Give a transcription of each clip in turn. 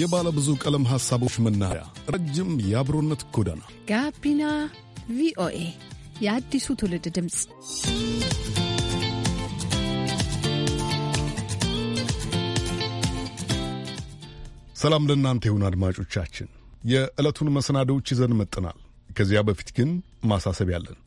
የባለ ብዙ ቀለም ሐሳቦች መናኸሪያ፣ ረጅም የአብሮነት ጎዳና ጋቢና ቪኦኤ የአዲሱ ትውልድ ድምፅ። ሰላም ለእናንተ ይሁን አድማጮቻችን። የዕለቱን መሰናዶዎች ይዘን መጥናል። ከዚያ በፊት ግን ማሳሰብ ያለን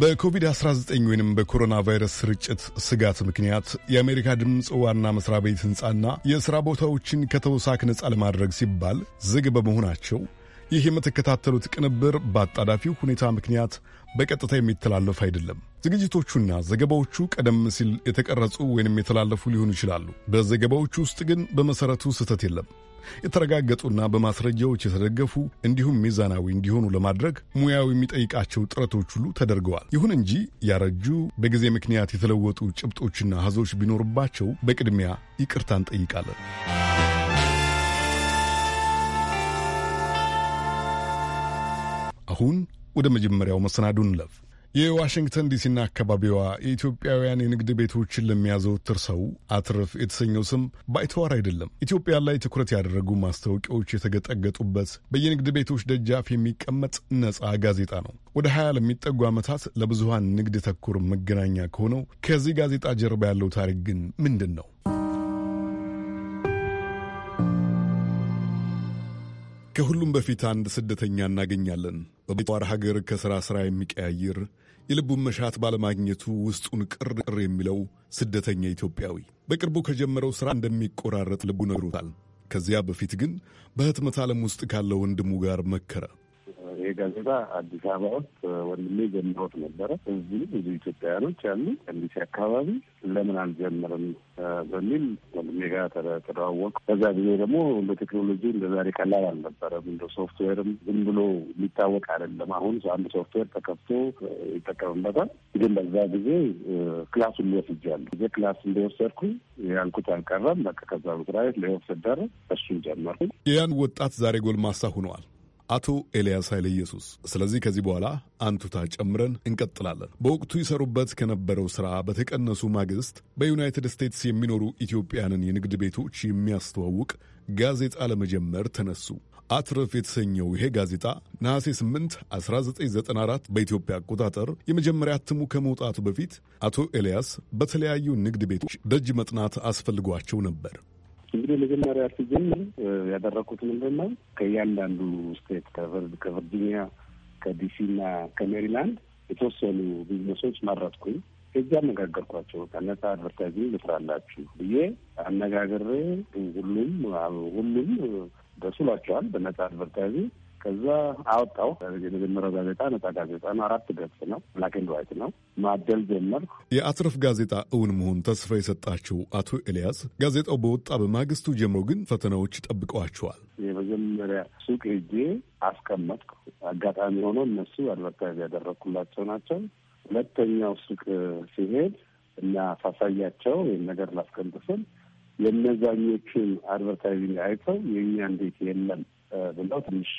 በኮቪድ-19 ወይም በኮሮና ቫይረስ ስርጭት ስጋት ምክንያት የአሜሪካ ድምፅ ዋና መስሪያ ቤት ሕንፃና የሥራ ቦታዎችን ከተውሳክ ነፃ ለማድረግ ሲባል ዝግ በመሆናቸው ይህ የምትከታተሉት ቅንብር በአጣዳፊው ሁኔታ ምክንያት በቀጥታ የሚተላለፍ አይደለም። ዝግጅቶቹና ዘገባዎቹ ቀደም ሲል የተቀረጹ ወይንም የተላለፉ ሊሆኑ ይችላሉ። በዘገባዎቹ ውስጥ ግን በመሠረቱ ስህተት የለም። የተረጋገጡና በማስረጃዎች የተደገፉ እንዲሁም ሚዛናዊ እንዲሆኑ ለማድረግ ሙያው የሚጠይቃቸው ጥረቶች ሁሉ ተደርገዋል። ይሁን እንጂ ያረጁ፣ በጊዜ ምክንያት የተለወጡ ጭብጦችና ሀዞች ቢኖርባቸው በቅድሚያ ይቅርታ እንጠይቃለን። አሁን ወደ መጀመሪያው መሰናዱን እንለፍ። የዋሽንግተን ዲሲና አካባቢዋ የኢትዮጵያውያን የንግድ ቤቶችን ለሚያዘወትር ሰው አትርፍ የተሰኘው ስም ባይተዋር አይደለም። ኢትዮጵያ ላይ ትኩረት ያደረጉ ማስታወቂያዎች የተገጠገጡበት በየንግድ ቤቶች ደጃፍ የሚቀመጥ ነፃ ጋዜጣ ነው። ወደ ሀያ ለሚጠጉ ዓመታት ለብዙሃን ንግድ ተኮር መገናኛ ከሆነው ከዚህ ጋዜጣ ጀርባ ያለው ታሪክ ግን ምንድን ነው? ከሁሉም በፊት አንድ ስደተኛ እናገኛለን። በባዕድ ሀገር ከሥራ ሥራ የሚቀያይር የልቡን መሻት ባለማግኘቱ ውስጡን ቅር ቅር የሚለው ስደተኛ ኢትዮጵያዊ በቅርቡ ከጀመረው ሥራ እንደሚቆራረጥ ልቡ ነግሮታል። ከዚያ በፊት ግን በህትመት ዓለም ውስጥ ካለው ወንድሙ ጋር መከረ። ይሄ ጋዜጣ አዲስ አበባ ውስጥ ወንድሜ ጀምሮት ነበረ። እዚህ ብዙ ኢትዮጵያውያኖች አሉ እንዲሲ አካባቢ ለምን አልጀምርም በሚል ወንድሜ ጋር ተደዋወቅ። በዛ ጊዜ ደግሞ በቴክኖሎጂ ቴክኖሎጂ ቀላል አልነበረም። እንደ ሶፍትዌርም ዝም ብሎ የሚታወቅ አይደለም። አሁን አንድ ሶፍትዌር ተከፍቶ ይጠቀምበታል። ግን በዛ ጊዜ ክላሱ ሊወስጃሉ ጊዜ ክላስ እንደወሰድኩ ያልኩት አልቀረም። በቃ ከዛ መስሪያ ቤት ሌወሰደረ እሱን ጀመርኩ። ያን ወጣት ዛሬ ጎልማሳ ሁነዋል። አቶ ኤልያስ ኃይለ ኢየሱስ። ስለዚህ ከዚህ በኋላ አንቱታ ጨምረን እንቀጥላለን። በወቅቱ ይሰሩበት ከነበረው ሥራ በተቀነሱ ማግስት በዩናይትድ ስቴትስ የሚኖሩ ኢትዮጵያንን የንግድ ቤቶች የሚያስተዋውቅ ጋዜጣ ለመጀመር ተነሱ። አትረፍ የተሰኘው ይሄ ጋዜጣ ነሐሴ 8 1994 በኢትዮጵያ አቆጣጠር የመጀመሪያ እትሙ ከመውጣቱ በፊት አቶ ኤልያስ በተለያዩ ንግድ ቤቶች ደጅ መጥናት አስፈልጓቸው ነበር። እንግዲህ መጀመሪያ ሲጀምር ያደረኩት ምንድን ነው ከእያንዳንዱ ስቴት ከቨርጂኒያ፣ ከዲሲ እና ከሜሪላንድ የተወሰኑ ቢዝነሶች መረጥኩኝ። እዛ አነጋገርኳቸው። ከነጻ አድቨርታይዚንግ ልስራላችሁ ብዬ አነጋግሬ ሁሉም ሁሉም ደስ ብሏቸዋል በነጻ አድቨርታይዚንግ ከዛ አወጣው የመጀመሪያው ጋዜጣ ነጻ ጋዜጣ ነው። አራት ገጽ ነው። ብላክ ኤንድ ዋይት ነው። ማደል ጀመርኩ። የአትረፍ ጋዜጣ እውን መሆን ተስፋ የሰጣቸው አቶ ኤልያስ ጋዜጣው በወጣ በማግስቱ ጀምሮ ግን ፈተናዎች ጠብቀዋቸዋል። የመጀመሪያ ሱቅ ሄጄ አስቀመጥኩ። አጋጣሚ ሆኖ እነሱ አድቨርታይዝ ያደረግኩላቸው ናቸው። ሁለተኛው ሱቅ ሲሄድ እና ሳሳያቸው ይህን ነገር ላስቀምጥ ስል የእነዛኞቹን አድቨርታይዚንግ አይተው የእኛ እንዴት የለም ብለው ትንሽ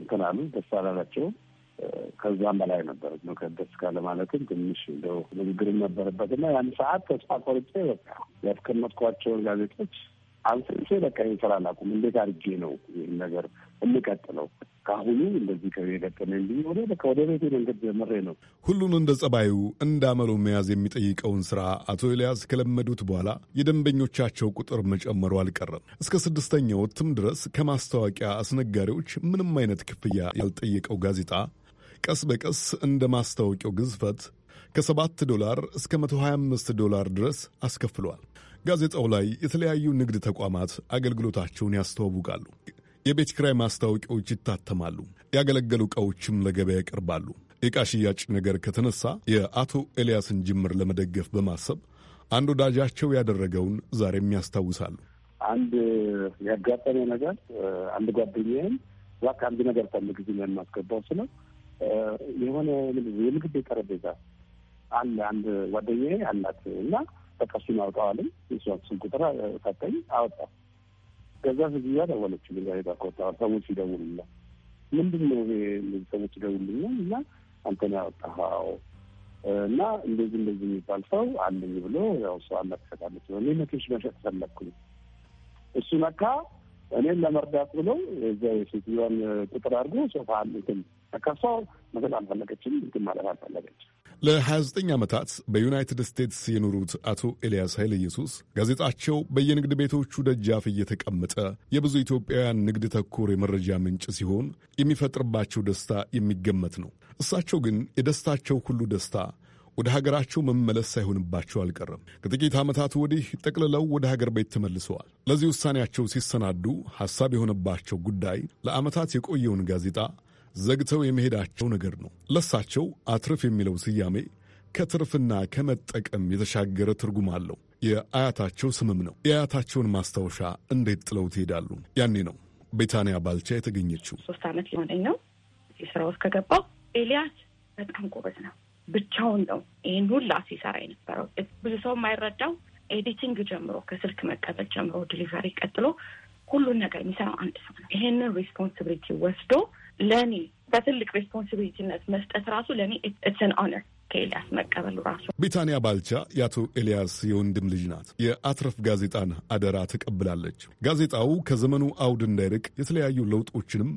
እንትን አሉ። ደስ አላላቸውም። ከዛም በላይ ነበር ደስ ካለ ማለትም ትንሽ እንደው ንግግርም ነበረበት እና ያን ሰዓት ተስፋ ቆርጬ በቃ ያስቀመጥኳቸውን ጋዜጦች አንስሴ በቃ ይህን እንዴት አድርጌ ነው ይህን ነገር እንቀጥለው ከአሁኑ እንደዚህ ከቀጠለ እንዲሆነ ወደ ቤቴ መንገድ ጀምሬ ነው። ሁሉን እንደ ጸባዩ እንደ አመሎ መያዝ የሚጠይቀውን ስራ አቶ ኤልያስ ከለመዱት በኋላ የደንበኞቻቸው ቁጥር መጨመሩ አልቀረም። እስከ ስድስተኛው እትም ድረስ ከማስታወቂያ አስነጋሪዎች ምንም አይነት ክፍያ ያልጠየቀው ጋዜጣ ቀስ በቀስ እንደ ማስታወቂያው ግዝፈት ከ7 ዶላር እስከ 125 ዶላር ድረስ አስከፍሏል። ጋዜጣው ላይ የተለያዩ ንግድ ተቋማት አገልግሎታቸውን ያስተዋውቃሉ። የቤት ኪራይ ማስታወቂያዎች ይታተማሉ፣ ያገለገሉ ዕቃዎችም ለገበያ ይቀርባሉ። የዕቃ ሽያጭ ነገር ከተነሳ የአቶ ኤልያስን ጅምር ለመደገፍ በማሰብ አንድ ወዳጃቸው ያደረገውን ዛሬም ያስታውሳሉ። አንድ ያጋጠመ ነገር አንድ ጓደኛዬን እባክህ አንድ ነገር ፈልግ ዝም የማስገባው ስለው የሆነ የምግብ ቤት ጠረጴዛ አለ አንድ ጓደኛዬ አላት እና በቃ እሱን አውጣዋለኝ የሷን ስልክ ቁጥር ሰጠኝ አወጣ ከዛ ህዝብያ ደወለችልኝ። ሄዳ ከወጣ ሰዎች ይደውሉና ምንድን ነው ይሄ እነዚህ ሰዎች ይደውሉልኛል እና አንተን ያወጣኸው እና እንደዚህ እንደዚህ የሚባል ሰው አለኝ ብሎ ያው እሷ አናትሰቃለች ነው እኔ መሸጥ ፈለግኩኝ። እሱ ነካ እኔን ለመርዳት ብሎ እዚያ የሴትዮዋን ቁጥር አድርጎ ሶፋ እንትን ከሷ መሰል አልፈለገችም፣ እንትን ማለት አልፈለገችም። ለ29 ዓመታት በዩናይትድ ስቴትስ የኖሩት አቶ ኤልያስ ኃይለ ኢየሱስ ጋዜጣቸው በየንግድ ቤቶቹ ደጃፍ እየተቀመጠ የብዙ ኢትዮጵያውያን ንግድ ተኮር የመረጃ ምንጭ ሲሆን የሚፈጥርባቸው ደስታ የሚገመት ነው። እሳቸው ግን የደስታቸው ሁሉ ደስታ ወደ ሀገራቸው መመለስ ሳይሆንባቸው አልቀረም። ከጥቂት ዓመታት ወዲህ ጠቅልለው ወደ ሀገር ቤት ተመልሰዋል። ለዚህ ውሳኔያቸው ሲሰናዱ ሐሳብ የሆነባቸው ጉዳይ ለዓመታት የቆየውን ጋዜጣ ዘግተው የመሄዳቸው ነገር ነው። ለሳቸው አትርፍ የሚለው ስያሜ ከትርፍና ከመጠቀም የተሻገረ ትርጉም አለው። የአያታቸው ስምም ነው። የአያታቸውን ማስታወሻ እንዴት ጥለው ትሄዳሉ? ያኔ ነው ቤታንያ ባልቻ የተገኘችው። ሶስት ዓመት ሊሆነኝ ነው ስራ ውስጥ ከገባው። ኤልያስ በጣም ጎበዝ ነው። ብቻውን ነው ይህን ሁላ ሲሰራ የነበረው። ብዙ ሰው የማይረዳው ኤዲቲንግ ጀምሮ ከስልክ መቀበል ጀምሮ ዲሊቨሪ ቀጥሎ ሁሉን ነገር የሚሰራው አንድ ሰው ነው። ይህንን ሪስፖንሲቢሊቲ ወስዶ ለእኔ በትልቅ ሬስፖንሲቢሊቲነት መስጠት ራሱ ለእኔ ኢትስን ኦነር ከኤልያስ መቀበሉ ራሱ። ቢታንያ ባልቻ የአቶ ኤልያስ የወንድም ልጅ ናት። የአትረፍ ጋዜጣን አደራ ተቀብላለች። ጋዜጣው ከዘመኑ አውድ እንዳይርቅ የተለያዩ ለውጦችንም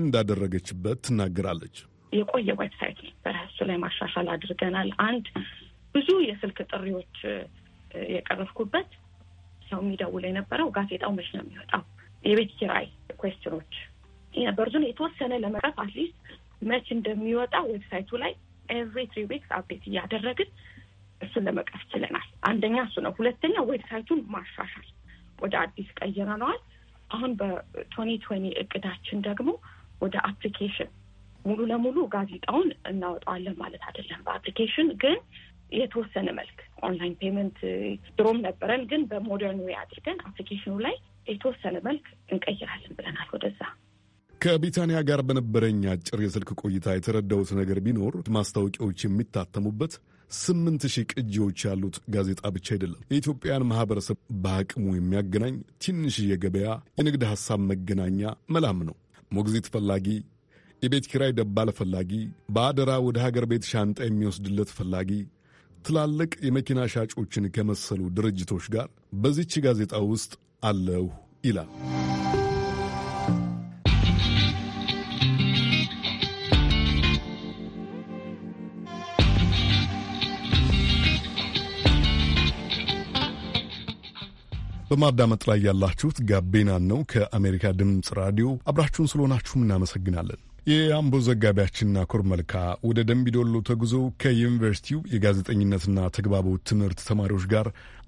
እንዳደረገችበት ትናገራለች። የቆየ ዌብሳይት ነበረ። ላይ ማሻሻል አድርገናል። አንድ ብዙ የስልክ ጥሪዎች የቀረፍኩበት ሰው የሚደውል የነበረው ጋዜጣው መች ነው የሚወጣው፣ የቤት ኪራይ ኩዌስትኖች የበርዙን የተወሰነ ለመቅረፍ አትሊስት መች እንደሚወጣ ዌብሳይቱ ላይ ኤቭሪ ትሪ ዊክስ አፕዴት እያደረግን እሱን ለመቅረፍ ችለናል። አንደኛ እሱ ነው። ሁለተኛ ዌብሳይቱን ማሻሻል ወደ አዲስ ቀይረነዋል። አሁን በቶኒ ቶኒ እቅዳችን ደግሞ ወደ አፕሊኬሽን ሙሉ ለሙሉ ጋዜጣውን እናወጣዋለን ማለት አይደለም። በአፕሊኬሽን ግን የተወሰነ መልክ ኦንላይን ፔመንት ድሮም ነበረን፣ ግን በሞደርን ዌይ አድርገን አፕሊኬሽኑ ላይ የተወሰነ መልክ እንቀይራለን ብለናል ወደዛ ከቢታንያ ጋር በነበረኝ አጭር የስልክ ቆይታ የተረዳሁት ነገር ቢኖር ማስታወቂያዎች የሚታተሙበት ስምንት ሺህ ቅጂዎች ያሉት ጋዜጣ ብቻ አይደለም። የኢትዮጵያን ማህበረሰብ በአቅሙ የሚያገናኝ ትንሽ የገበያ የንግድ ሐሳብ መገናኛ መላም ነው። ሞግዚት ፈላጊ፣ የቤት ኪራይ ደባል ፈላጊ፣ በአደራ ወደ ሀገር ቤት ሻንጣ የሚወስድለት ፈላጊ ትላልቅ የመኪና ሻጮችን ከመሰሉ ድርጅቶች ጋር በዚች ጋዜጣ ውስጥ አለሁ ይላል። በማዳመጥ ላይ ያላችሁት ጋቤናን ነው ከአሜሪካ ድምፅ ራዲዮ። አብራችሁን ስለሆናችሁም እናመሰግናለን። የአምቦ ዘጋቢያችንና ኮር መልካ ወደ ደንቢዶሎ ተጉዞ ከዩኒቨርሲቲው የጋዜጠኝነትና ተግባቦት ትምህርት ተማሪዎች ጋር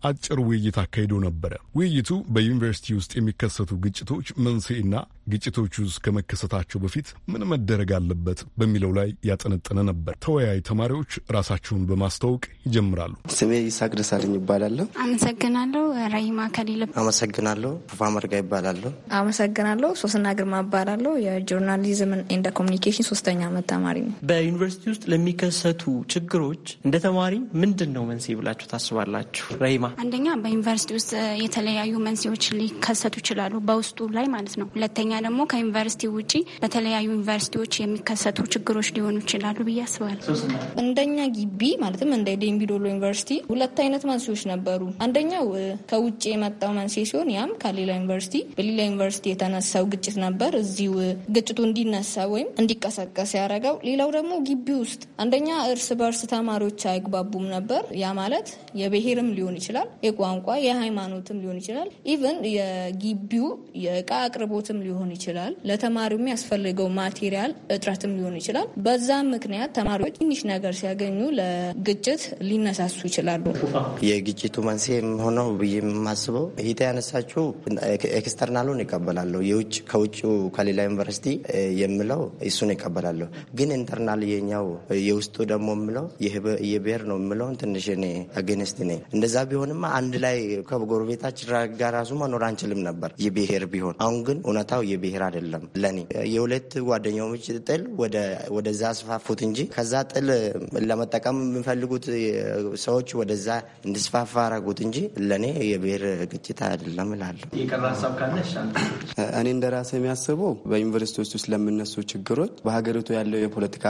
አጭር ውይይት አካሂዶ ነበረ። ውይይቱ በዩኒቨርሲቲ ውስጥ የሚከሰቱ ግጭቶች መንስኤና ግጭቶቹ ውስጥ ከመከሰታቸው በፊት ምን መደረግ አለበት በሚለው ላይ ያጠነጠነ ነበር። ተወያይ ተማሪዎች ራሳቸውን በማስተዋወቅ ይጀምራሉ። ስሜ ይስሐቅ ደሳለኝ ይባላለሁ። አመሰግናለሁ። ራይማ ከሌለ አመሰግናለሁ። ፉፋ መርጋ ይባላለሁ። አመሰግናለሁ። ሶስና ግርማ ይባላለሁ። የጆርናሊዝም ኤንድ ኮሚኒኬሽን ሶስተኛ ዓመት ተማሪ ነው። በዩኒቨርሲቲ ውስጥ ለሚከሰቱ ችግሮች እንደ ተማሪ ምንድን ነው መንስኤ ብላችሁ ታስባላችሁ? ራይማ አንደኛ በዩኒቨርሲቲ ውስጥ የተለያዩ መንስኤዎች ሊከሰቱ ይችላሉ፣ በውስጡ ላይ ማለት ነው። ሁለተኛ ደግሞ ከዩኒቨርሲቲ ውጪ በተለያዩ ዩኒቨርሲቲዎች የሚከሰቱ ችግሮች ሊሆኑ ይችላሉ ብዬ አስባለሁ። እንደኛ ግቢ ማለትም እንደ ዴምቢዶሎ ዩኒቨርሲቲ ሁለት አይነት መንስኤዎች ነበሩ። አንደኛው ከውጭ የመጣው መንስኤ ሲሆን ያም ከሌላ ዩኒቨርሲቲ በሌላ ዩኒቨርሲቲ የተነሳው ግጭት ነበር። እዚሁ ግጭቱ እንዲነሳ ወይም እንዲቀሰቀስ ያደረገው። ሌላው ደግሞ ግቢ ውስጥ አንደኛ እርስ በርስ ተማሪዎች አይግባቡም ነበር። ያ ማለት የብሔርም ሊሆን ይችላል ይችላል። የቋንቋ የሃይማኖትም ሊሆን ይችላል። ኢቨን የግቢው የእቃ አቅርቦትም ሊሆን ይችላል። ለተማሪው የሚያስፈልገው ማቴሪያል እጥረትም ሊሆን ይችላል። በዛ ምክንያት ተማሪዎች ትንሽ ነገር ሲያገኙ ለግጭት ሊነሳሱ ይችላሉ። የግጭቱ መንስኤም ሆነው ብዬ የማስበው ሂታ ያነሳችው ኤክስተርናሉን ይቀበላለሁ የውጭ ከውጭ ከሌላ ዩኒቨርሲቲ የምለው እሱን ይቀበላለሁ። ግን ኢንተርናል የኛው የውስጡ ደግሞ የምለው የብሔር ነው የምለውን ትንሽ አገንስት ነኝ እንደዛ ቢሆን ቢሆንማ አንድ ላይ ከጎረቤታችን ጋር ራሱ መኖር አንችልም ነበር የብሄር ቢሆን። አሁን ግን እውነታው የብሄር አይደለም። ለኔ የሁለት ጓደኛሞች ጥል ወደዛ አስፋፉት እንጂ ከዛ ጥል ለመጠቀም የሚፈልጉት ሰዎች ወደዛ እንዲስፋፋ አረጉት እንጂ ለእኔ የብሔር ግጭት አይደለም እላለሁ። እኔ እንደ ራሴ የሚያስበው በዩኒቨርሲቲዎች ውስጥ ለሚነሱ ችግሮች በሀገሪቱ ያለው የፖለቲካ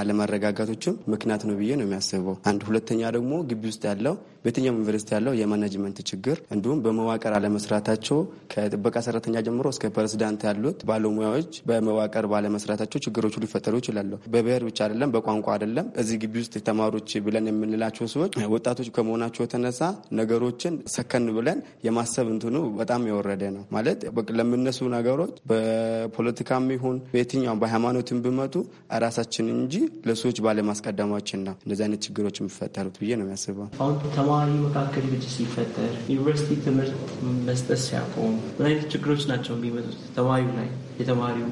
አለመረጋጋቶችም ምክንያት ነው ብዬ ነው የሚያስበው። አንድ ሁለተኛ ደግሞ ግቢ ውስጥ ያለው በየትኛው ዩኒቨርሲቲ ያለው የማናጅመንት ችግር እንዲሁም በመዋቅር አለመስራታቸው ከጥበቃ ሰራተኛ ጀምሮ እስከ ፕሬዚዳንት ያሉት ባለሙያዎች በመዋቅር ባለመስራታቸው ችግሮቹ ሊፈጠሩ ይችላሉ። በብሔር ብቻ አይደለም፣ በቋንቋ አይደለም። እዚህ ግቢ ውስጥ ተማሪዎች ብለን የምንላቸው ሰዎች ወጣቶች ከመሆናቸው የተነሳ ነገሮችን ሰከን ብለን የማሰብ እንትኑ በጣም የወረደ ነው። ማለት ለምነሱ ነገሮች በፖለቲካም ይሁን በየትኛውም በሃይማኖትን ብመጡ ራሳችን እንጂ ለሰዎች ባለማስቀደማችን ነው እንደዚህ አይነት ችግሮች የሚፈጠሩት ብዬ ነው የሚያስበው። ተማሪ መካከል ግጭት ሲፈጠር፣ ዩኒቨርሲቲ ትምህርት መስጠት ሲያቆም ምን አይነት ችግሮች ናቸው የሚመጡት? ተማሪው ላይ፣ የተማሪው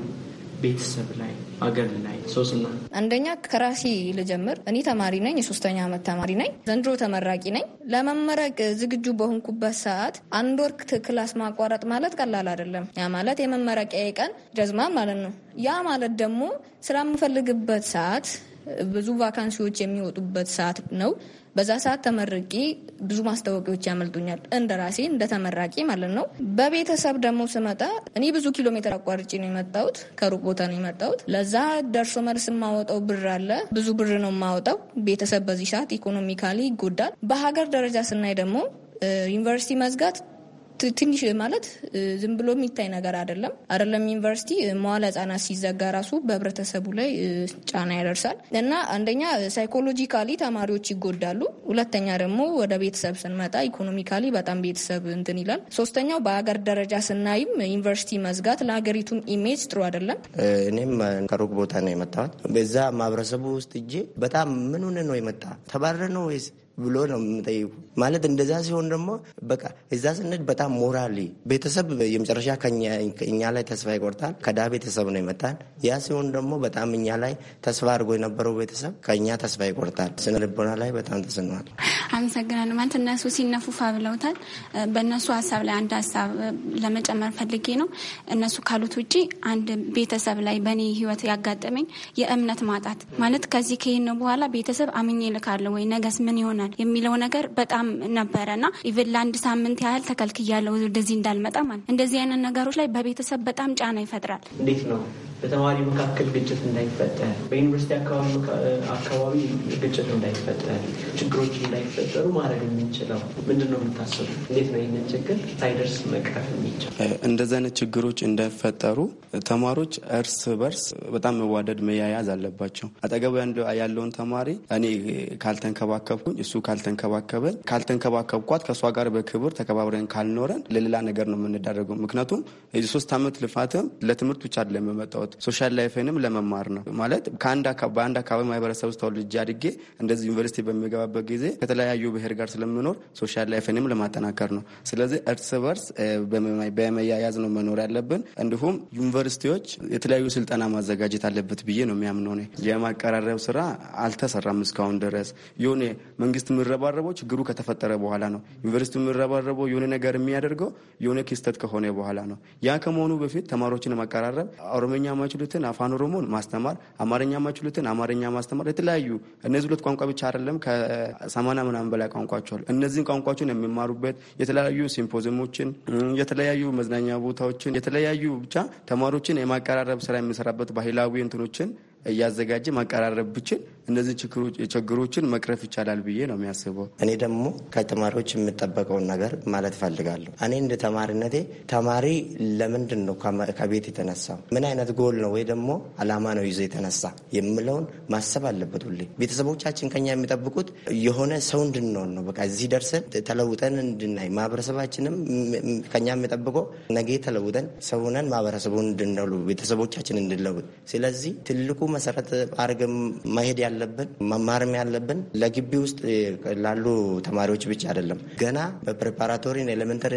ቤተሰብ ላይ አገር ላይ ሶስና አንደኛ ከራሴ ልጀምር። እኔ ተማሪ ነኝ፣ የሶስተኛ ዓመት ተማሪ ነኝ። ዘንድሮ ተመራቂ ነኝ። ለመመረቅ ዝግጁ በሆንኩበት ሰዓት አንድ ወር ክላስ ማቋረጥ ማለት ቀላል አይደለም። ያ ማለት የመመረቂያ ቀን ጀዝማ ማለት ነው። ያ ማለት ደግሞ ስራ የምፈልግበት ሰዓት ብዙ ቫካንሲዎች የሚወጡበት ሰዓት ነው። በዛ ሰዓት ተመርቂ ብዙ ማስታወቂያዎች ያመልጡኛል፣ እንደ ራሴ እንደ ተመራቂ ማለት ነው። በቤተሰብ ደግሞ ስመጣ እኔ ብዙ ኪሎ ሜትር አቋርጭ ነው የመጣሁት፣ ከሩቅ ቦታ ነው የመጣሁት። ለዛ ደርሶ መልስ የማወጣው ብር አለ፣ ብዙ ብር ነው የማወጣው። ቤተሰብ በዚህ ሰዓት ኢኮኖሚካሊ ይጎዳል። በሀገር ደረጃ ስናይ ደግሞ ዩኒቨርሲቲ መዝጋት ትንሽ ማለት ዝም ብሎ የሚታይ ነገር አይደለም። አይደለም ዩኒቨርሲቲ መዋለ ህጻናት ሲዘጋ ራሱ በህብረተሰቡ ላይ ጫና ያደርሳል እና አንደኛ ሳይኮሎጂካሊ ተማሪዎች ይጎዳሉ። ሁለተኛ ደግሞ ወደ ቤተሰብ ስንመጣ ኢኮኖሚካሊ በጣም ቤተሰብ እንትን ይላል። ሶስተኛው በሀገር ደረጃ ስናይም ዩኒቨርሲቲ መዝጋት ለሀገሪቱም ኢሜጅ ጥሩ አይደለም። እኔም ከሩቅ ቦታ ነው የመጣሁት። በዛ ማህበረሰቡ ውስጥ እጄ በጣም ምን ሆነ ነው የመጣ ተባረ ነው ወይስ ብሎ ነው የምጠይቁ። ማለት እንደዛ ሲሆን ደግሞ በቃ እዛ ስንሄድ በጣም ሞራሊ ቤተሰብ የመጨረሻ እኛ ላይ ተስፋ ይቆርጣል። ከዳ ቤተሰብ ነው ይመጣል። ያ ሲሆን ደግሞ በጣም እኛ ላይ ተስፋ አድርጎ የነበረው ቤተሰብ ከእኛ ተስፋ ይቆርጣል። ስነ ልቦና ላይ በጣም ተስኗል። አመሰግናለሁ። ማለት እነሱ ሲነፉፋ ብለውታል። በእነሱ ሀሳብ ላይ አንድ ሀሳብ ለመጨመር ፈልጌ ነው። እነሱ ካሉት ውጭ አንድ ቤተሰብ ላይ በእኔ ህይወት ያጋጠመኝ የእምነት ማጣት ማለት ከዚህ ከሄድን በኋላ ቤተሰብ አምኜ እልካለሁ ወይ ነገስ ምን ይሆናል የሚለው ነገር በጣም ነበረ እና ኢቨን ለአንድ ሳምንት ያህል ተከልክያለሁ ወደዚህ እንዳልመጣ ማለት እንደዚህ አይነት ነገሮች ላይ በቤተሰብ በጣም ጫና ይፈጥራል። እንዴት ነው በተማሪ መካከል ግጭት እንዳይፈጠር፣ በዩኒቨርሲቲ አካባቢ ግጭት እንዳይፈጠር፣ ችግሮች እንዳይፈጠሩ ማድረግ የምንችለው ምንድን ነው የምታስቡ? እንዴት ነው ይህንን ችግር ሳይደርስ መቅረፍ የሚችል? እንደዚህ አይነት ችግሮች እንዳይፈጠሩ ተማሪዎች እርስ በርስ በጣም መዋደድ መያያዝ አለባቸው። አጠገቡ ያለውን ተማሪ እኔ ካልተንከባከብኩኝ፣ እሱ ካልተንከባከበን፣ ካልተንከባከብኳት ከእሷ ጋር በክብር ተከባብረን ካልኖረን ለሌላ ነገር ነው የምንዳረገው። ምክንያቱም የሶስት ዓመት ልፋትም ለትምህርት ብቻ አይደለም የመጣሁት ሶሻል ላይፍንም ለመማር ነው። ማለት በአንድ አካባቢ ማህበረሰብ ውስጥ ተወልጄ አድጌ እንደዚህ ዩኒቨርሲቲ በሚገባበት ጊዜ ከተለያዩ ብሔር ጋር ስለምኖር ሶሻል ላይፍንም ለማጠናከር ነው። ስለዚህ እርስ በርስ በመያያዝ ነው መኖር ያለብን። እንዲሁም ዩኒቨርሲቲዎች የተለያዩ ስልጠና ማዘጋጀት አለበት ብዬ ነው የሚያምነው። የማቀራረብ ስራ አልተሰራም እስካሁን ድረስ። የሆነ መንግስት የሚረባረበው ችግሩ ከተፈጠረ በኋላ ነው። ዩኒቨርሲቲ የሚረባረበው የሆነ ነገር የሚያደርገው የሆነ ክስተት ከሆነ በኋላ ነው። ያ ከመሆኑ በፊት ተማሪዎችን ማቀራረብ ኦሮምኛ የማይችሉትን አፋን ኦሮሞን ማስተማር፣ አማርኛ የማይችሉትን አማርኛ ማስተማር። የተለያዩ እነዚህ ሁለት ቋንቋ ብቻ አይደለም፣ ከሰማና ምናምን በላይ ቋንቋቸዋል። እነዚህን ቋንቋቸውን የሚማሩበት የተለያዩ ሲምፖዚሞችን፣ የተለያዩ መዝናኛ ቦታዎችን፣ የተለያዩ ብቻ ተማሪዎችን የማቀራረብ ስራ የሚሰራበት ባህላዊ እንትኖችን እያዘጋጀ ማቀራረብ ብችል እነዚህ ችግሮችን መቅረፍ ይቻላል ብዬ ነው የሚያስበው። እኔ ደግሞ ከተማሪዎች የምጠበቀውን ነገር ማለት እፈልጋለሁ። እኔ እንደ ተማሪነቴ ተማሪ ለምንድን ነው ከቤት የተነሳው ምን አይነት ጎል ነው ወይ ደግሞ አላማ ነው ይዞ የተነሳ የምለውን ማሰብ አለበት ሁሌ። ቤተሰቦቻችን ከኛ የሚጠብቁት የሆነ ሰው እንድንሆን ነው። በቃ እዚህ ደርሰን ተለውጠን እንድናይ ማህበረሰባችንም ከኛ የሚጠብቀው ነገ ተለውጠን ሰውነን ማህበረሰቡን እንድንለውጥ ቤተሰቦቻችን እንድለውጥ። ስለዚህ ትልቁ መሰረት አድርገን መሄድ ያለ ያለብን መማርም ያለብን ለግቢ ውስጥ ላሉ ተማሪዎች ብቻ አይደለም። ገና በፕሬፓራቶሪን ኤሌመንተሪ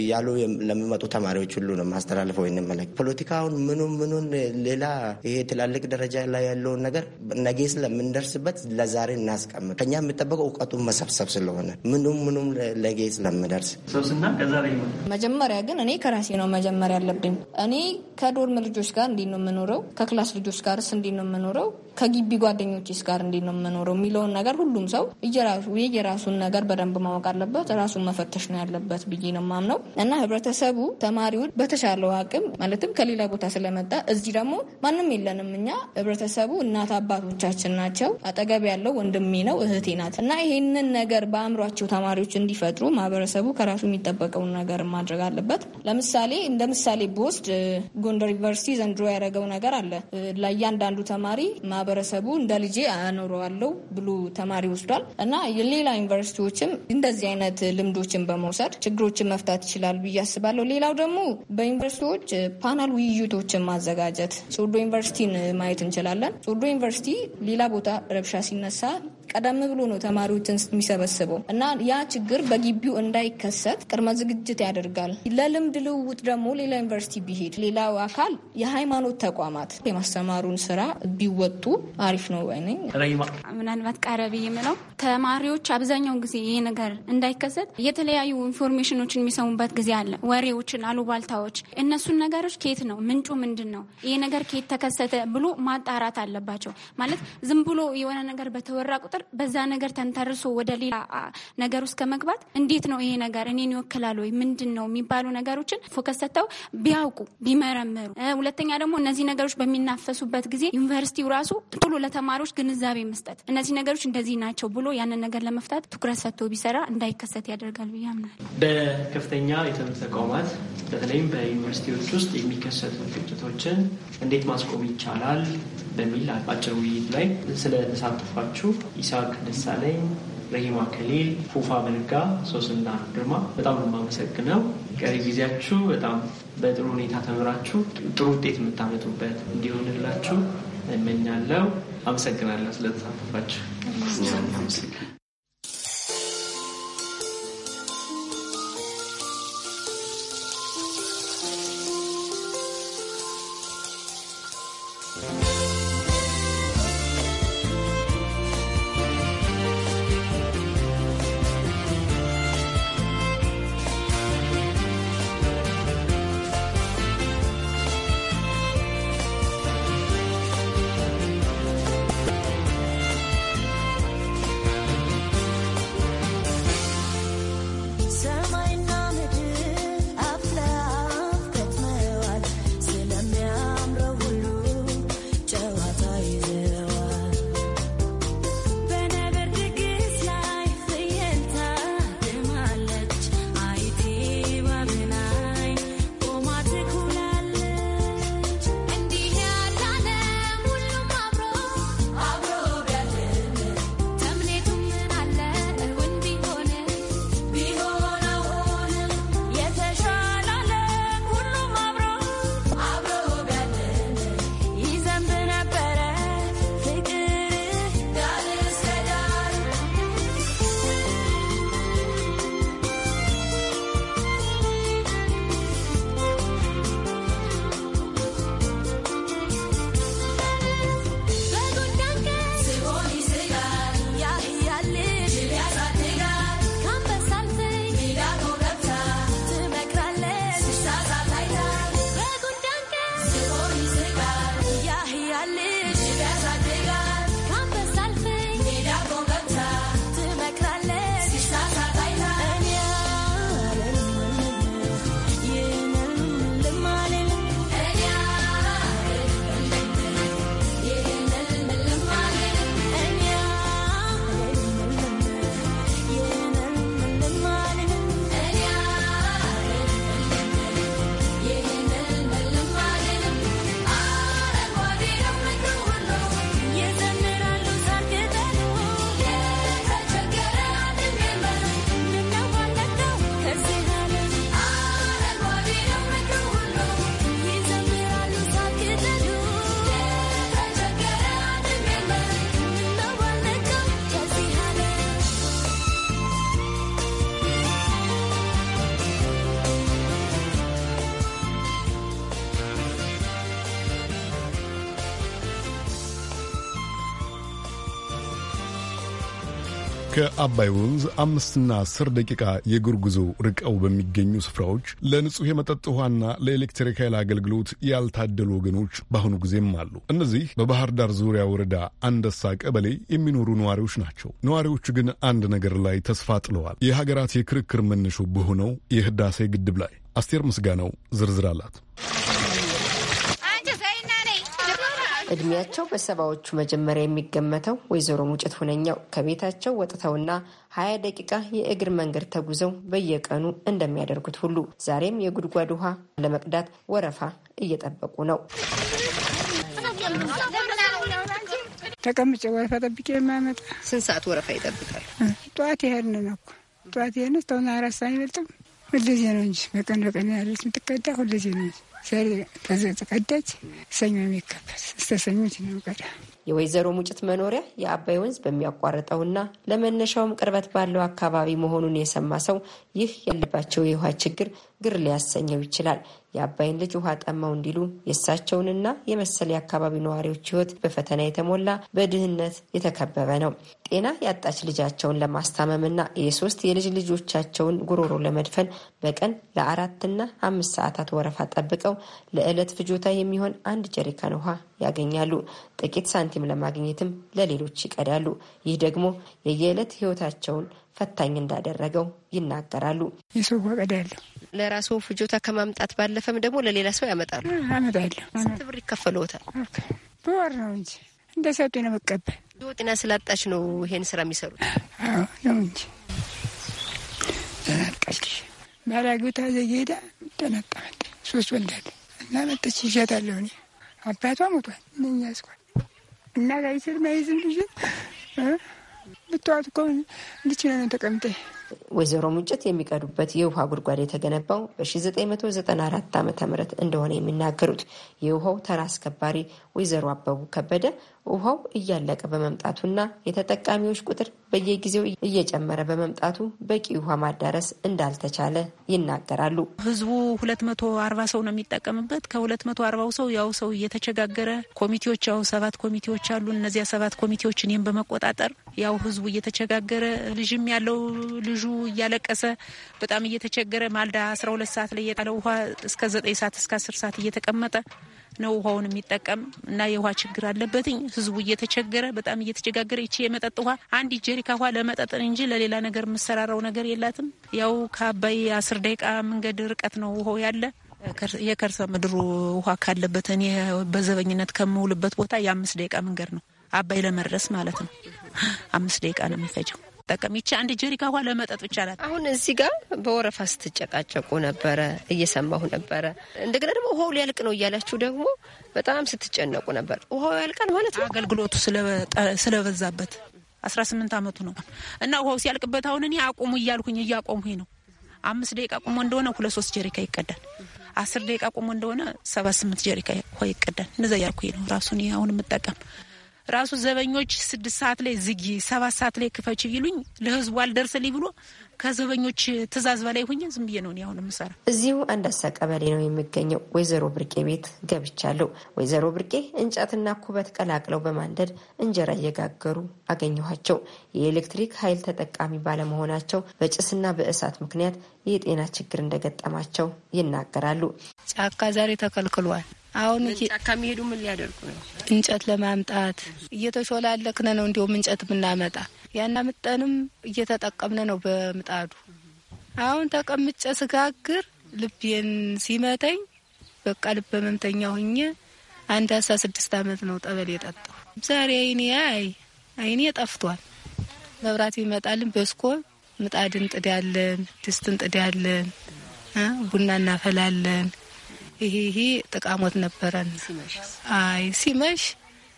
እያሉ ለሚመጡ ተማሪዎች ሁሉ ነው ማስተላልፈው። ይንመለክ ፖለቲካውን ምኑን ምኑን ሌላ ይሄ ትላልቅ ደረጃ ላይ ያለውን ነገር ነገ ስለምንደርስበት ለዛሬ እናስቀምጥ። ከኛ የምጠበቀው እውቀቱን መሰብሰብ ስለሆነ ምኑም ምኑም ለጌ ስለምደርስ መጀመሪያ ግን እኔ ከራሴ ነው መጀመሪያ ያለብኝ። እኔ ከዶርም ልጆች ጋር እንዲ ነው የምኖረው? ከክላስ ልጆች ጋርስ እንዲ ነው የምኖረው? ከጊቢ ጓደኞቼ ከመንግስት ጋር እንዴት ነው የምኖረው የሚለውን ነገር ሁሉም ሰው የራሱን ነገር በደንብ ማወቅ አለበት፣ ራሱን መፈተሽ ነው ያለበት ብዬ ነው ማምነው እና ህብረተሰቡ ተማሪውን በተሻለው አቅም ማለትም ከሌላ ቦታ ስለመጣ እዚህ ደግሞ ማንም የለንም እኛ ህብረተሰቡ እናት አባቶቻችን ናቸው። አጠገብ ያለው ወንድሜ ነው እህቴ ናት እና ይሄንን ነገር በአእምሯቸው ተማሪዎች እንዲፈጥሩ ማህበረሰቡ ከራሱ የሚጠበቀውን ነገር ማድረግ አለበት። ለምሳሌ እንደ ምሳሌ ብወስድ ጎንደር ዩኒቨርሲቲ ዘንድሮ ያደረገው ነገር አለ። ለእያንዳንዱ ተማሪ ማህበረሰቡ እንደ ልጅ አኖረዋለሁ ብሎ ተማሪ ወስዷል እና ሌላ ዩኒቨርሲቲዎችም እንደዚህ አይነት ልምዶችን በመውሰድ ችግሮችን መፍታት ይችላል ብዬ አስባለሁ። ሌላው ደግሞ በዩኒቨርሲቲዎች ፓናል ውይይቶችን ማዘጋጀት ሶዶ ዩኒቨርሲቲን ማየት እንችላለን። ሶዶ ዩኒቨርሲቲ ሌላ ቦታ ረብሻ ሲነሳ ቀደም ብሎ ነው ተማሪዎችን የሚሰበስበው እና ያ ችግር በግቢው እንዳይከሰት ቅድመ ዝግጅት ያደርጋል። ለልምድ ልውውጥ ደግሞ ሌላ ዩኒቨርሲቲ ቢሄድ፣ ሌላው አካል የሃይማኖት ተቋማት የማስተማሩን ስራ ቢወጡ አሪፍ ነው ወይ? ምናልባት ቀረብ የምለው ተማሪዎች አብዛኛውን ጊዜ ይህ ነገር እንዳይከሰት የተለያዩ ኢንፎርሜሽኖችን የሚሰሙበት ጊዜ አለ። ወሬዎችን፣ አሉባልታዎች፣ እነሱን ነገሮች ኬት ነው ምንጩ ምንድን ነው ይህ ነገር ኬት ተከሰተ ብሎ ማጣራት አለባቸው። ማለት ዝም ብሎ የሆነ ነገር በተወራ ቁጥር ነገር በዛ ነገር ተንተርሶ ወደ ሌላ ነገር ውስጥ ከመግባት እንዴት ነው ይሄ ነገር እኔን ይወክላል ወይ ምንድን ነው የሚባሉ ነገሮችን ፎከስ ሰጥተው ቢያውቁ ቢመረምሩ፣ ሁለተኛ ደግሞ እነዚህ ነገሮች በሚናፈሱበት ጊዜ ዩኒቨርሲቲው ራሱ ቶሎ ለተማሪዎች ግንዛቤ መስጠት እነዚህ ነገሮች እንደዚህ ናቸው ብሎ ያንን ነገር ለመፍታት ትኩረት ሰጥቶ ቢሰራ እንዳይከሰት ያደርጋል ብዬ አምናለሁ። በከፍተኛ የትምህርት ተቋማት በተለይም በዩኒቨርሲቲዎች ውስጥ የሚከሰቱ ግጭቶችን እንዴት ማስቆም ይቻላል በሚል አጭር ውይይት ላይ ስለተሳተፋችሁ ይስሐቅ ደሳለኝ፣ ረሂማ ከሊል፣ ፉፋ መልጋ፣ ሶስና ግርማ በጣም የማመሰግነው። ቀሪ ጊዜያችሁ በጣም በጥሩ ሁኔታ ተምራችሁ ጥሩ ውጤት የምታመጡበት እንዲሆንላችሁ እመኛለሁ። አመሰግናለሁ ስለተሳተፋችሁ። ከአባይ ወንዝ አምስትና አስር ደቂቃ የእግር ጉዞ ርቀው በሚገኙ ስፍራዎች ለንጹሕ የመጠጥ ውሃና ለኤሌክትሪክ ኃይል አገልግሎት ያልታደሉ ወገኖች በአሁኑ ጊዜም አሉ። እነዚህ በባህር ዳር ዙሪያ ወረዳ አንደሳ ቀበሌ የሚኖሩ ነዋሪዎች ናቸው። ነዋሪዎቹ ግን አንድ ነገር ላይ ተስፋ ጥለዋል። የሀገራት የክርክር መነሾ በሆነው የህዳሴ ግድብ ላይ አስቴር ምስጋናው ዝርዝር አላት። እድሜያቸው በሰባዎቹ መጀመሪያ የሚገመተው ወይዘሮ ሙጭት ሁነኛው ከቤታቸው ወጥተውና ሀያ ደቂቃ የእግር መንገድ ተጉዘው በየቀኑ እንደሚያደርጉት ሁሉ ዛሬም የጉድጓድ ውሃ ለመቅዳት ወረፋ እየጠበቁ ነው። ተቀምጬ ወረፋ ጠብቄ የማመጣ ስንት ሰዓት ወረፋ ይጠብቃል? ጠዋት ይሄድን ነው ጠዋት ይሄድን እስከ አራት ሰዓት አይበልጥም ሁልጊዜ ነው እንጂ በቀን በቀን ያለች የምትቀዳ ሁልጊዜ ነው እንጂ ዛሬ ተቀዳች፣ ሰኞ የሚከፈል እስተ ሰኞች ነው ቀዳ። የወይዘሮ ሙጭት መኖሪያ የአባይ ወንዝ በሚያቋርጠውና ለመነሻውም ቅርበት ባለው አካባቢ መሆኑን የሰማ ሰው ይህ ያለባቸው የውሃ ችግር ግር ሊያሰኘው ይችላል። የአባይን ልጅ ውሃ ጠማው እንዲሉ የእሳቸውንና የመሰለ የአካባቢ ነዋሪዎች ህይወት በፈተና የተሞላ በድህነት የተከበበ ነው። ጤና ያጣች ልጃቸውን ለማስታመምና የሶስት የልጅ ልጆቻቸውን ጉሮሮ ለመድፈን በቀን ለአራትና አምስት ሰዓታት ወረፋ ጠብቀው ለዕለት ፍጆታ የሚሆን አንድ ጀሪካን ውሃ ያገኛሉ። ጥቂት ሳንቲም ለማግኘትም ለሌሎች ይቀዳሉ። ይህ ደግሞ የየዕለት ህይወታቸውን ፈታኝ እንዳደረገው ይናገራሉ። ይሱዋ ቀዳለሁ ለራስዎ ፍጆታ ከማምጣት ባለፈም ደግሞ ለሌላ ሰው ያመጣሉ? አመጣለሁ። ስንት ብር ይከፈለዎታል? በወር ነው እንጂ እንደ ሰጡ ነው መቀበል። ጤና ስላጣች ነው ይሄን ስራ የሚሰሩት? ነው እንጂ ተነቃች ማራጊው ታዘየ ሄዳ ሶስት ወልዳለ እና መጠች ይሸታለሁ። እኔ አባቷ ሞቷል። እነኛ ያስኳል እና ጋይስር መይዝም ልጅ ብትዋት እኮ ልችነ ነው ተቀምጠ ወይዘሮ ሙጭት የሚቀዱበት የውሃ ጉድጓድ የተገነባው በ1994 ዓ ም እንደሆነ የሚናገሩት የውሃው ተራ አስከባሪ ወይዘሮ አበቡ ከበደ ውሃው እያለቀ በመምጣቱና የተጠቃሚዎች ቁጥር በየጊዜው እየጨመረ በመምጣቱ በቂ ውሃ ማዳረስ እንዳልተቻለ ይናገራሉ። ህዝቡ ሁለት መቶ አርባ ሰው ነው የሚጠቀምበት። ከሁለት መቶ አርባው ሰው ያው ሰው እየተቸጋገረ ኮሚቴዎች ያው ሰባት ኮሚቴዎች አሉ። እነዚያ ሰባት ኮሚቴዎች እኔም በመቆጣጠር ያው ህዝቡ እየተቸጋገረ ልጅም ያለው ልጁ እያለቀሰ በጣም እየተቸገረ ማልዳ አስራ ሁለት ሰዓት ላይ የጣለ ውሃ እስከ ዘጠኝ ሰዓት እስከ አስር ሰዓት እየተቀመጠ ነው ውሃውን የሚጠቀም እና የውሃ ችግር አለበትኝ። ህዝቡ እየተቸገረ በጣም እየተቸጋገረ ይቺ የመጠጥ ውሃ አንድ ጀሪካ ውሃ ለመጠጥን እንጂ ለሌላ ነገር የምሰራራው ነገር የላትም። ያው ከአባይ አስር ደቂቃ መንገድ ርቀት ነው ውሃው ያለ የከርሰ ምድሩ ውሃ ካለበት እኔ በዘበኝነት ከምውልበት ቦታ የአምስት ደቂቃ መንገድ ነው አባይ ለመድረስ ማለት ነው። አምስት ደቂቃ ነው የሚፈጀው። አልጠቀም። ይቺ አንድ ጀሪካ ውሃ ለመጠጥ ብቻ ናት። አሁን እዚህ ጋር በወረፋ ስትጨቃጨቁ ነበረ፣ እየሰማሁ ነበረ። እንደገና ደግሞ ውሃው ሊያልቅ ነው እያላችሁ ደግሞ በጣም ስትጨነቁ ነበር። ውሃው ያልቃል ማለት ነው አገልግሎቱ ስለበዛበት አስራ ስምንት አመቱ ነው እና ውሃው ሲያልቅበት አሁን እኔ አቁሙ እያልኩኝ እያቆምኩኝ ነው። አምስት ደቂቃ ቁሞ እንደሆነ ሁለት ሶስት ጀሪካ ይቀዳል። አስር ደቂቃ ቁሞ እንደሆነ ሰባት ስምንት ጀሪካ ይቀዳል። እንደዛ እያልኩኝ ነው ራሱን አሁን የምጠቀም ራሱ ዘበኞች ስድስት ሰዓት ላይ ዝጊ፣ ሰባት ሰዓት ላይ ክፈች ይሉኝ ለህዝቡ አልደርስልኝ ብሎ ከዘበኞች ትእዛዝ በላይ ሁኝ ዝም ብዬ ነው አሁን የምሰራ። እዚሁ አንዳሳ ቀበሌ ነው የሚገኘው ወይዘሮ ብርቄ ቤት ገብቻለሁ። ወይዘሮ ብርቄ እንጨትና ኩበት ቀላቅለው በማንደድ እንጀራ እየጋገሩ አገኘኋቸው። የኤሌክትሪክ ኃይል ተጠቃሚ ባለመሆናቸው በጭስና በእሳት ምክንያት የጤና ችግር እንደገጠማቸው ይናገራሉ። ጫካ ዛሬ ተከልክሏል። አሁን ጫካ የሚሄዱ ምን ሊያደርጉ ነው? እንጨት ለማምጣት እየተሾላለክነ ነው። እንዲሁም እንጨት ምናመጣ ያና ምጠንም እየተጠቀምነ ነው በምጣዱ። አሁን ተቀምጨ ስጋግር ልቤን ሲመተኝ በቃ ልበ መምተኛ ሁኜ አንድ አስራ ስድስት አመት ነው ጠበል የጠጣው። ዛሬ አይኔ አይ አይኔ ጠፍቷል። መብራት ይመጣልን በስኮ ምጣድ እንጥዳለን፣ ድስት እንጥዳለን፣ ቡና እናፈላለን። ይሄ ይሄ ጥቃሞት ነበረን። አይ ሲመሽ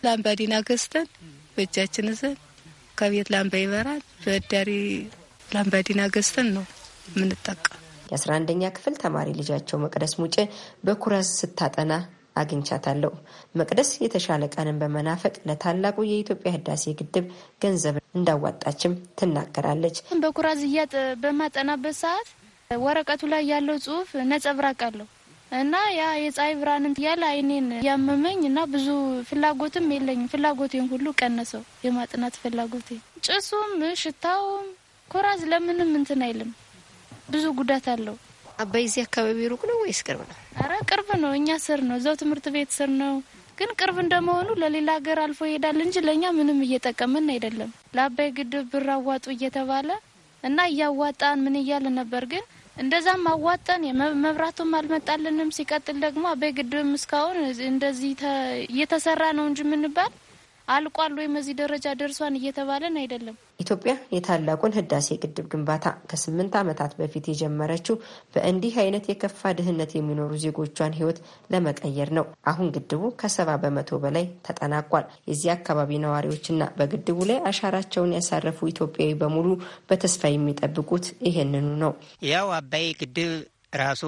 ላምባዲና ገዝተን በእጃችን ይዘን ከቤት ላምባ ይበራል በዳሪ ላምባዲና ገዝተን ነው የምንጠቀም። የአስራ አንደኛ ክፍል ተማሪ ልጃቸው መቅደስ ሙጭ በኩራዝ ስታጠና አግኝቻታለሁ። መቅደስ የተሻለ ቀንን በመናፈቅ ለታላቁ የኢትዮጵያ ህዳሴ ግድብ ገንዘብ እንዳዋጣችም ትናገራለች። በኩራዝ እያጥ በማጠናበት ሰዓት ወረቀቱ ላይ ያለው ጽሁፍ ነጸብራቅ አለው እና ያ የፀሐይ ብርሃን እያለ አይኔን ያመመኝ እና ብዙ ፍላጎትም የለኝም። ፍላጎቴን ሁሉ ቀነሰው፣ የማጥናት ፍላጎቴ። ጭሱም ሽታውም ኮራዝ ለምንም እንትን አይልም። ብዙ ጉዳት አለው። አባይ እዚህ አካባቢ ሩቅ ነው ወይስ ቅርብ ነው? አረ ቅርብ ነው። እኛ ስር ነው፣ እዛው ትምህርት ቤት ስር ነው። ግን ቅርብ እንደመሆኑ ለሌላ ሀገር አልፎ ይሄዳል እንጂ ለእኛ ምንም እየጠቀምን አይደለም። ለአባይ ግድብ ብር አዋጡ እየተባለ እና እያዋጣን ምን እያለ ነበር ግን እንደዛም አዋጠን መብራቱም አልመጣልንም። ሲቀጥል ደግሞ አበይ ግድብም እስካሁን እንደዚህ እየተሰራ ነው እንጂ ምንባል አልቋል ወይም እዚህ ደረጃ ደርሷን እየተባለን አይደለም። ኢትዮጵያ የታላቁን ህዳሴ ግድብ ግንባታ ከስምንት ዓመታት በፊት የጀመረችው በእንዲህ አይነት የከፋ ድህነት የሚኖሩ ዜጎቿን ህይወት ለመቀየር ነው። አሁን ግድቡ ከሰባ በመቶ በላይ ተጠናቋል። የዚህ አካባቢ ነዋሪዎችና በግድቡ ላይ አሻራቸውን ያሳረፉ ኢትዮጵያዊ በሙሉ በተስፋ የሚጠብቁት ይሄንኑ ነው። ያው አባይ ግድብ ራሱ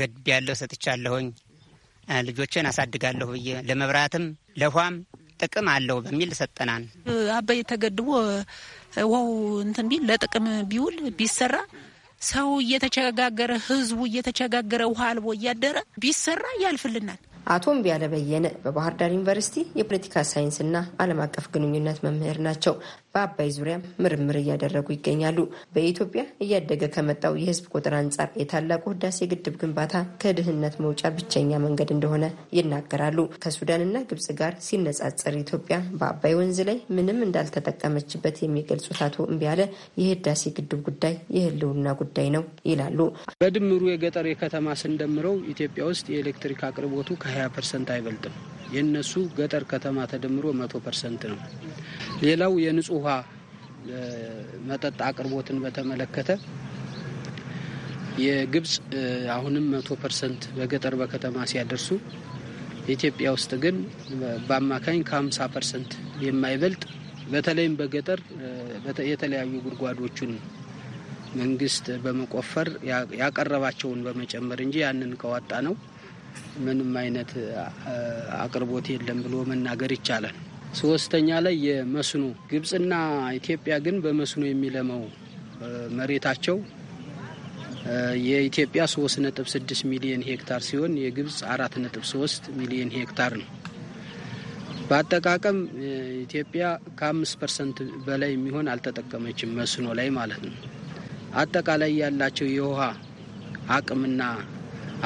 ገድብ ያለው ሰጥቻለሁኝ ልጆችን አሳድጋለሁ ብዬ ለመብራትም ለውሃም ጥቅም አለው በሚል ሰጠናን። አባይ ተገድቦ ውሃው እንትን ቢል ለጥቅም ቢውል ቢሰራ ሰው እየተቸጋገረ ህዝቡ እየተቸጋገረ ውሃ አልቦ እያደረ ቢሰራ ያልፍልናል። አቶ እምቢያለ በየነ በባህር ዳር ዩኒቨርሲቲ የፖለቲካ ሳይንስና ዓለም አቀፍ ግንኙነት መምህር ናቸው። በአባይ ዙሪያ ምርምር እያደረጉ ይገኛሉ። በኢትዮጵያ እያደገ ከመጣው የህዝብ ቁጥር አንጻር የታላቁ ህዳሴ ግድብ ግንባታ ከድህነት መውጫ ብቸኛ መንገድ እንደሆነ ይናገራሉ። ከሱዳንና ግብጽ ጋር ሲነጻጸር ኢትዮጵያ በአባይ ወንዝ ላይ ምንም እንዳልተጠቀመችበት የሚገልጹት አቶ እምቢያለ የህዳሴ ግድብ ጉዳይ የህልውና ጉዳይ ነው ይላሉ። በድምሩ የገጠር የከተማ ስንደምረው ኢትዮጵያ ውስጥ የኤሌክትሪክ አቅርቦቱ ሀያ ፐርሰንት አይበልጥም። የእነሱ ገጠር ከተማ ተደምሮ መቶ ፐርሰንት ነው። ሌላው የንጹህ ውሃ መጠጥ አቅርቦትን በተመለከተ የግብፅ አሁንም መቶ ፐርሰንት በገጠር በከተማ ሲያደርሱ ኢትዮጵያ ውስጥ ግን በአማካኝ ከ50 ፐርሰንት የማይበልጥ በተለይም በገጠር የተለያዩ ጉድጓዶቹን መንግስት በመቆፈር ያቀረባቸውን በመጨመር እንጂ ያንን ከዋጣ ነው ምንም አይነት አቅርቦት የለም ብሎ መናገር ይቻላል። ሶስተኛ ላይ የመስኖ ግብፅና ኢትዮጵያ ግን በመስኖ የሚለመው መሬታቸው የኢትዮጵያ 3.6 ሚሊዮን ሄክታር ሲሆን የግብፅ 4.3 ሚሊዮን ሄክታር ነው። በአጠቃቀም ኢትዮጵያ ከ5 ፐርሰንት በላይ የሚሆን አልተጠቀመችም መስኖ ላይ ማለት ነው። አጠቃላይ ያላቸው የውሃ አቅምና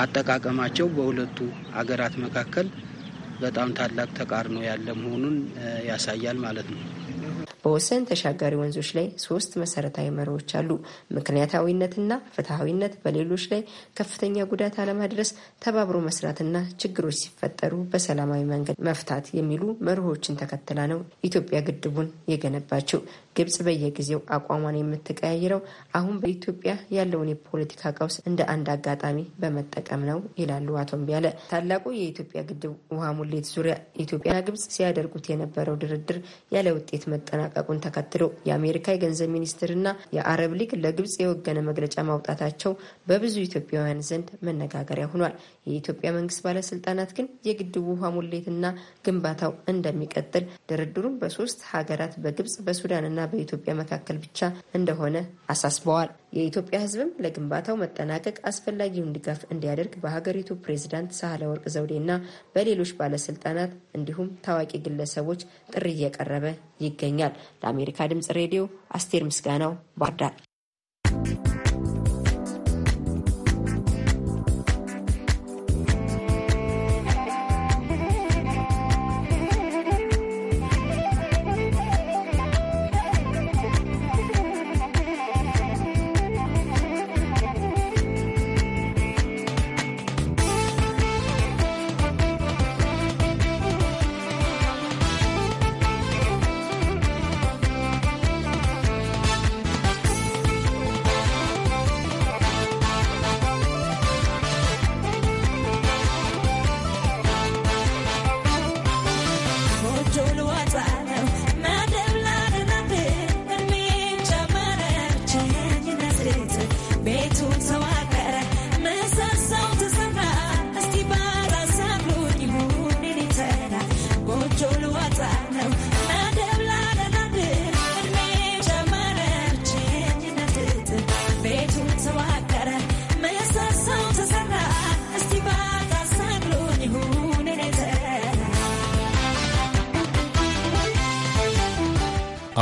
አጠቃቀማቸው በሁለቱ አገራት መካከል በጣም ታላቅ ተቃርኖ ያለ መሆኑን ያሳያል ማለት ነው። በወሰን ተሻጋሪ ወንዞች ላይ ሶስት መሰረታዊ መርሆዎች አሉ። ምክንያታዊነትና ፍትሐዊነት፣ በሌሎች ላይ ከፍተኛ ጉዳት አለማድረስ፣ ተባብሮ መስራትና ችግሮች ሲፈጠሩ በሰላማዊ መንገድ መፍታት የሚሉ መርሆችን ተከትላ ነው ኢትዮጵያ ግድቡን የገነባቸው። ግብጽ በየጊዜው አቋሟን የምትቀያይረው አሁን በኢትዮጵያ ያለውን የፖለቲካ ቀውስ እንደ አንድ አጋጣሚ በመጠቀም ነው ይላሉ አቶ እምቢያለ። ታላቁ የኢትዮጵያ ግድብ ውሃ ሙሌት ዙሪያ ኢትዮጵያና ግብጽ ሲያደርጉት የነበረው ድርድር ያለ ውጤት መጠናቀቁን ተከትሎ የአሜሪካ የገንዘብ ሚኒስትርና የአረብ ሊግ ለግብጽ የወገነ መግለጫ ማውጣታቸው በብዙ ኢትዮጵያውያን ዘንድ መነጋገሪያ ሆኗል። የኢትዮጵያ መንግስት ባለስልጣናት ግን የግድቡ ውሃ ሙሌትና ግንባታው እንደሚቀጥል ድርድሩን በሶስት ሀገራት በግብጽ በሱዳንና በኢትዮጵያ መካከል ብቻ እንደሆነ አሳስበዋል። የኢትዮጵያ ሕዝብም ለግንባታው መጠናቀቅ አስፈላጊውን ድጋፍ እንዲያደርግ በሀገሪቱ ፕሬዚዳንት ሳህለ ወርቅ ዘውዴና በሌሎች ባለስልጣናት እንዲሁም ታዋቂ ግለሰቦች ጥሪ እየቀረበ ይገኛል። ለአሜሪካ ድምጽ ሬዲዮ አስቴር ምስጋናው ባህርዳር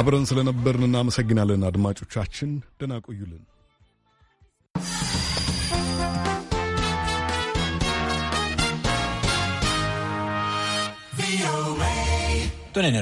አብረን ስለነበርን እናመሰግናለን። አድማጮቻችን ደህና ቆዩልን። Donen